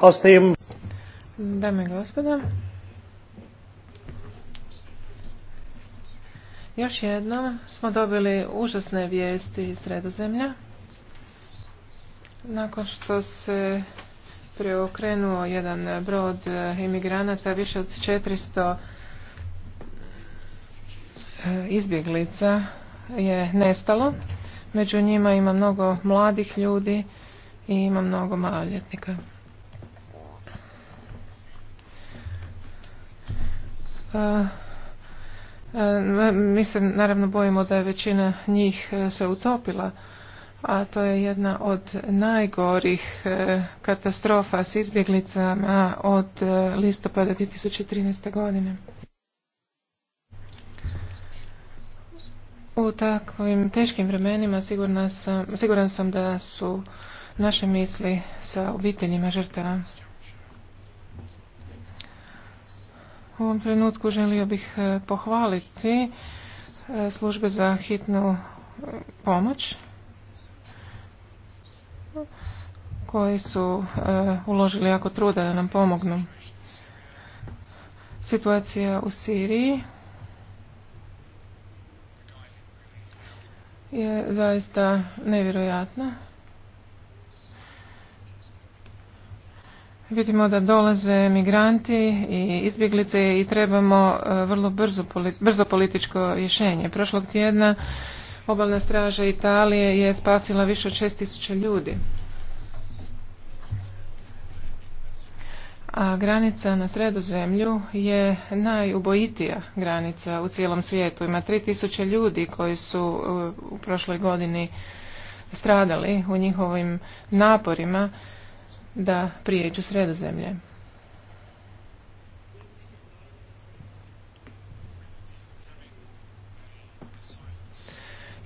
aus Dame i gospodo, još jednom smo dobili užasne vijesti iz sredozemlja. Nakon što se preokrenuo jedan brod imigranata, više od 400 e, izbjeglica je nestalo. Među njima ima mnogo mladih ljudi i ima mnogo maloljetnika. Mi se naravno bojimo da je većina njih e, se utopila, a to je jedna od najgorih e, katastrofa s izbjeglicama od e, listopada 2013. godine. U takvim teškim vremenima sam, siguran sam da su naše misli sa obiteljima žrtava. U ovom trenutku želio bih e, pohvaliti e, službe za hitnu e, pomoć koji su uložili jako truda da nam pomognu. Situacija u Siriji je zaista nevjerojatna. Vidimo da dolaze migranti i izbjeglice i trebamo e, vrlo brzo, brzo političko rješenje. Prošlog tjedna obalna straža Italije je spasila više od 6000 ljudi. A granica na sredozemlju je najubojitija granica u cijelom svijetu. Ima 3000 ljudi koji su e, u prošloj godini stradali u njihovim naporima da prijeđu sredozemlje.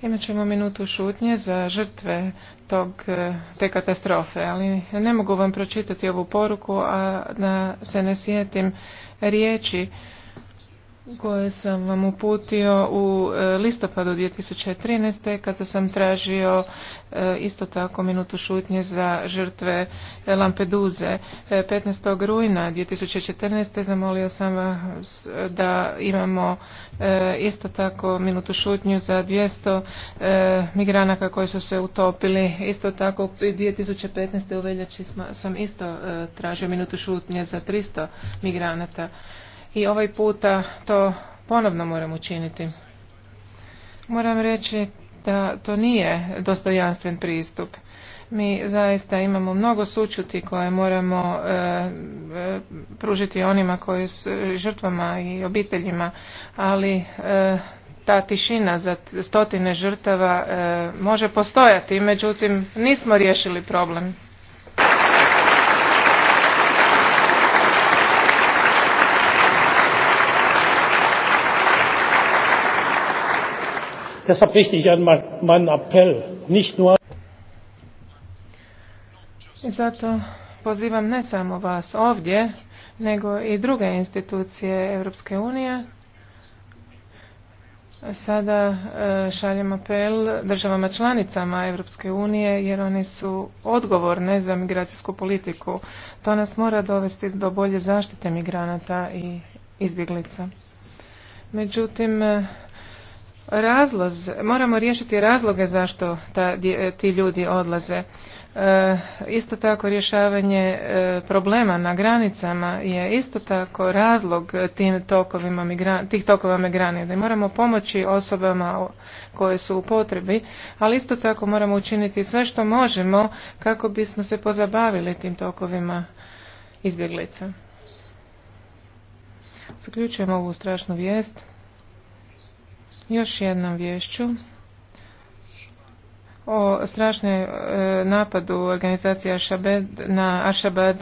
Imat ćemo minutu šutnje za žrtve tog, e, te katastrofe, ali ne mogu vam pročitati ovu poruku, a da se ne sjetim riječi koje sam vam uputio u e, listopadu 2013. kada sam tražio e, isto tako minutu šutnje za žrtve Lampeduze. 15. E, rujna 2014. zamolio sam vas da imamo isto tako minutu šutnju za 200 migranaka koji su se utopili. Isto tako 2015. u veljači sam isto tražio minutu šutnje za 300 migranata i ovaj puta to ponovno moram učiniti. Moram reći da to nije dostojanstven pristup. Mi zaista imamo mnogo sučuti koje moramo e, e, pružiti onima koji su e, žrtvama i obiteljima, ali ta tišina za stotine žrtava može postojati, međutim nismo riješili problem. deshalb richte einmal meinen appell nicht nur zato pozivam ne samo vas ovdje nego i druge institucije Europske unije Sada e, šaljem apel državama članicama Europske unije jer oni su odgovorne za migracijsku politiku. To nas mora dovesti do bolje zaštite migranata i izbjeglica. Međutim, razloz, moramo riješiti razloge zašto ta, ti ljudi odlaze. E, isto tako rješavanje e, problema na granicama je isto tako razlog tim tokovima tih tokova migranata. Moramo pomoći osobama koje su u potrebi, ali isto tako moramo učiniti sve što možemo kako bismo se pozabavili tim tokovima izbjeglica. Zaključujemo ovu strašnu vijest još jednom vješću o strašnom e, napadu organizacije Ašabed na Ašabad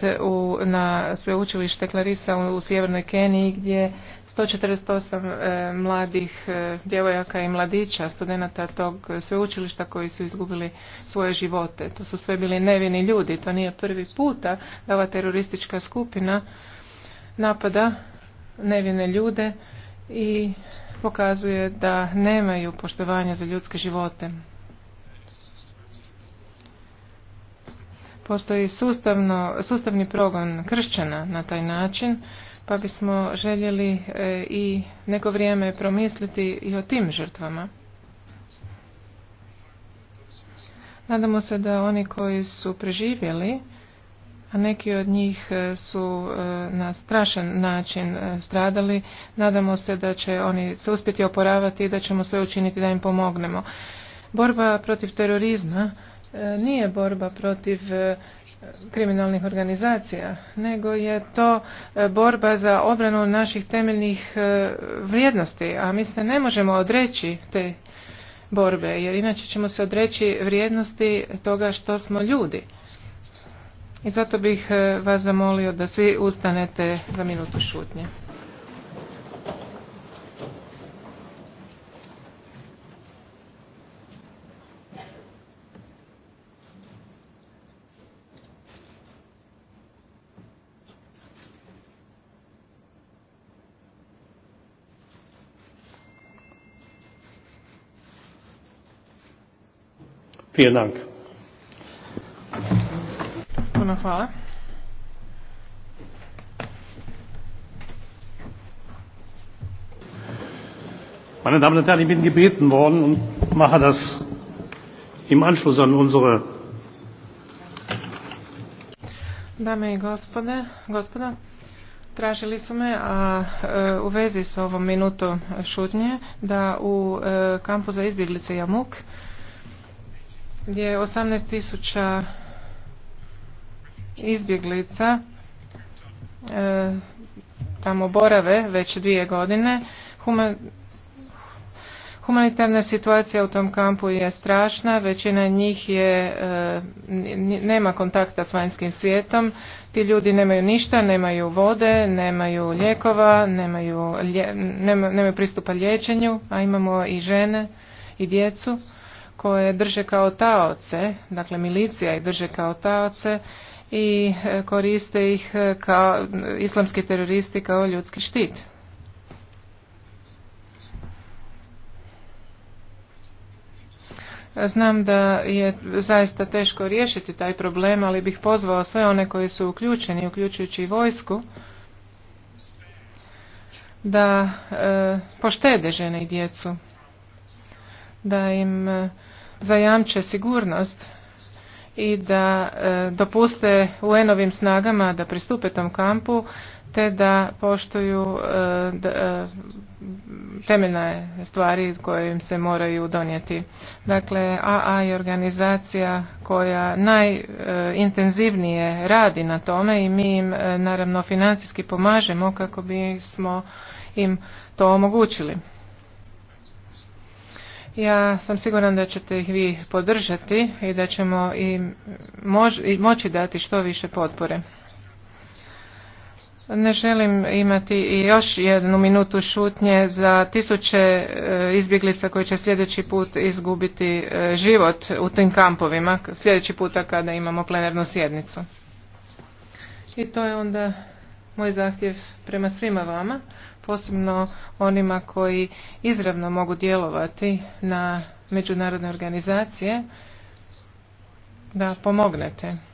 na sveučilište Klarisa u, sjevernoj Keniji gdje 148 e, mladih e, djevojaka i mladića studenata tog sveučilišta koji su izgubili svoje živote. To su sve bili nevini ljudi. To nije prvi puta da ova teroristička skupina napada nevine ljude i pokazuje da nemaju poštovanja za ljudske živote. Postoji sustavno, sustavni progon kršćana na taj način, pa bismo željeli e, i neko vrijeme promisliti i o tim žrtvama. Nadamo se da oni koji su preživjeli a neki od njih e, su e, na strašan način e, stradali. Nadamo se da će oni se uspjeti oporavati i da ćemo sve učiniti da im pomognemo. Borba protiv terorizma nije borba protiv kriminalnih organizacija, nego je to borba za obranu naših temeljnih vrijednosti, a mi se ne možemo odreći te borbe, jer inače ćemo se odreći vrijednosti toga što smo ljudi. I zato bih e, vas zamolio da svi ustanete za minutu šutnje. Vielen Dank hvala. Meine Damen und Herren, ich bin gebeten worden und mache das im Anschluss an unsere Dame i gospode, gospoda, tražili su me, a e, u vezi s ovom minuto šutnje, da u e, kampu za izbjeglice Jamuk, gdje je tisuća izbjeglica e, tamo borave već dvije godine. humanitarna situacija u tom kampu je strašna, većina njih je, e, nema kontakta s vanjskim svijetom, ti ljudi nemaju ništa, nemaju vode, nemaju lijekova, nemaju, nema, nemaju pristupa liječenju, a imamo i žene i djecu koje drže kao taoce, dakle milicija ih drže kao taoce i e, koriste ih e, kao islamski teroristi kao ljudski štit. Znam da je zaista teško riješiti taj problem, ali bih pozvao sve one koji su uključeni, uključujući i vojsku, da e, poštede žene i djecu, da im zajamče sigurnost i da e, dopuste UN-ovim snagama da pristupe tom kampu te da poštuju e, e, temeljne stvari koje im se moraju donijeti. Dakle, AA je organizacija koja najintenzivnije radi na tome i mi im naravno financijski pomažemo kako bi smo im to omogućili. Ja sam siguran da ćete ih vi podržati i da ćemo i, moći dati što više potpore. Ne želim imati i još jednu minutu šutnje za tisuće e, izbjeglica koji će sljedeći put izgubiti e, život u tim kampovima, sljedeći puta kada imamo plenarnu sjednicu. I to je onda moj zahtjev prema svima vama, posebno onima koji izravno mogu djelovati na međunarodne organizacije, da pomognete.